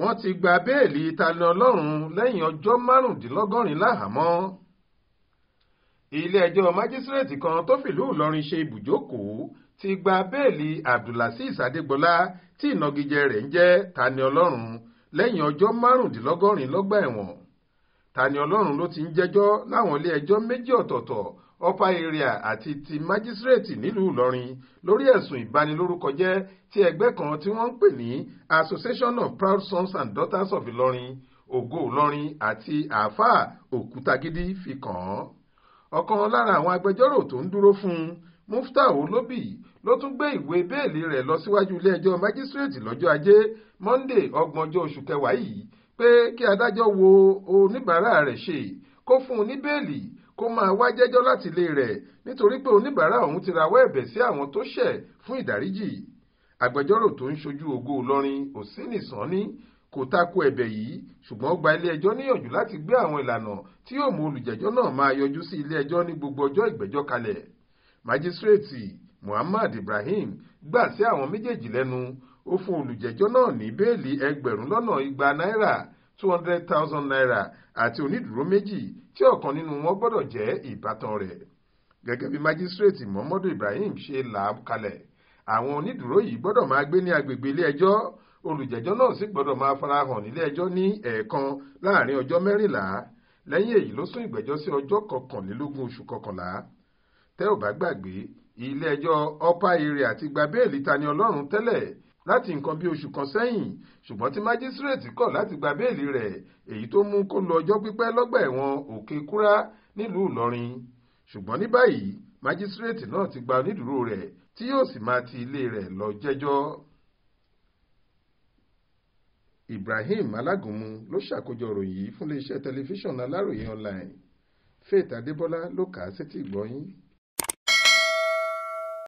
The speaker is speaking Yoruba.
wọ́n ti gba béèlì Taniọlọ́run lẹ́yìn ọjọ́ márùndínlọ́gọ́rin láhàámọ́ ilé-ẹjọ́ májísírèètì kan tó fìlú Ìlọrin ṣe ibùjókòó ti gba béèlì Abdulazeez Adégbọlá tí ìnagijẹ rẹ̀ ń jẹ́ Taniọlọ́run lẹ́yìn ọjọ́ márùndínlọ́gọ́rin lọ́gbà ẹ̀wọ̀n Taniọlọ́run ló ti ń jẹ́jọ́ láwọn ilé-ẹjọ́ méjì ọ̀tọ̀ọ̀tọ̀ upper area àti ti májísírèètì nílùú ìlọrin lórí ẹ̀sùn ìbanilórúkọjẹ́ ti ẹgbẹ́ kan tí wọ́n ń pè ní association of proud sons and daughters of ìlọrin ògo ìlọrin àti àáfàá òkútagídí fi kàn án ọ̀kan lára àwọn agbẹjọ́rò tó ń dúró fún un muftau olóbì ló tún gbé ìwé bẹ́ẹ̀lì rẹ̀ lọ síwájú ilé-ẹjọ́ májísírèètì lọ́jọ́ ajé monday ọgbọ̀njọ́ oṣù kẹwàá yìí pé kí adájọ́ wo oníbàárà rẹ̀ ṣe kó fún un ní bẹ́ẹ̀lì kó máa wá jẹ́jọ́ láti ilé rẹ̀ nítorí pé oníbàárà ọ̀hún ti rawọ́ ẹ̀bẹ̀ sí àwọn tó ṣẹ̀ fún ìdáríjì agbẹjọ́rò tó ń ṣojú Ògo Ìlọrin Òsínì Sanni kò tako ẹ̀bẹ̀ yìí ṣùgbọ́n ó gba ilé-ẹjọ́ níyànjú láti gbé àwọn ìlànà tí yóò mú olùjẹ́jọ́ náà máa yọjú sí ilé-ẹjọ́ ní gbogbo ọjọ́ ìgbẹ́jọ́ kalẹ̀ májísírèètì Muhammad Ibrahim gbà sí àwọn méjèèjì lẹ́nu ó fún olùjẹ́jọ́ náà ní bẹ́ẹ̀lì ẹgbẹ̀rún lọ́nà igba náírà two hundred thousand naira àti onídùúró méjì tí ọ̀kan nínú wọn gbọ́dọ̀ jẹ́ ìbátan rẹ̀ gẹ́gẹ́ bí májísírèètì Muhammadu Ibrahim ṣe là á kalẹ̀ àwọn onídùúró yìí gbọ́dọ̀ máa gbé ní agbègbè ilé ẹjọ́ olùjẹ́jọ́ náà sì gbọ́dọ̀ máa farahàn nílé ẹjọ́ ní ẹ̀ẹ̀kan láàrin ọjọ́ mẹ́rìnlá lẹ́yìn èyí ló sún ìgbẹ́jọ́ sí ọjọ́ kọkànlélógún oṣù kọkànlá tẹ́ ò bá gbàgbé ilé ẹjọ́ upper area àti gba bẹ́ẹ̀lì Taniọlọ́run tẹ́lẹ̀ láti nǹkan bí oṣù kan sẹ́yìn ṣùgbọ́n tí májísírèètì kọ̀ láti gba béèlì rẹ̀ èyí tó mú kó lọ ọjọ́ pípẹ́ lọ́gbà ẹ̀wọ̀n òkè kúrá nílùú ìlọrin ṣùgbọ́n ní báyìí májísírèètì náà ti gba onídùúró rẹ̀ tí yóò sì máa ti ilé rẹ̀ lọ jẹ́jọ́. ibrahim alágúnmu ló ṣàkójọ ọ̀rọ̀ yìí fún iléeṣẹ́ tẹlifíṣàn aláròye online faith adébọlá ló kà á sétí ìgbọ́yín.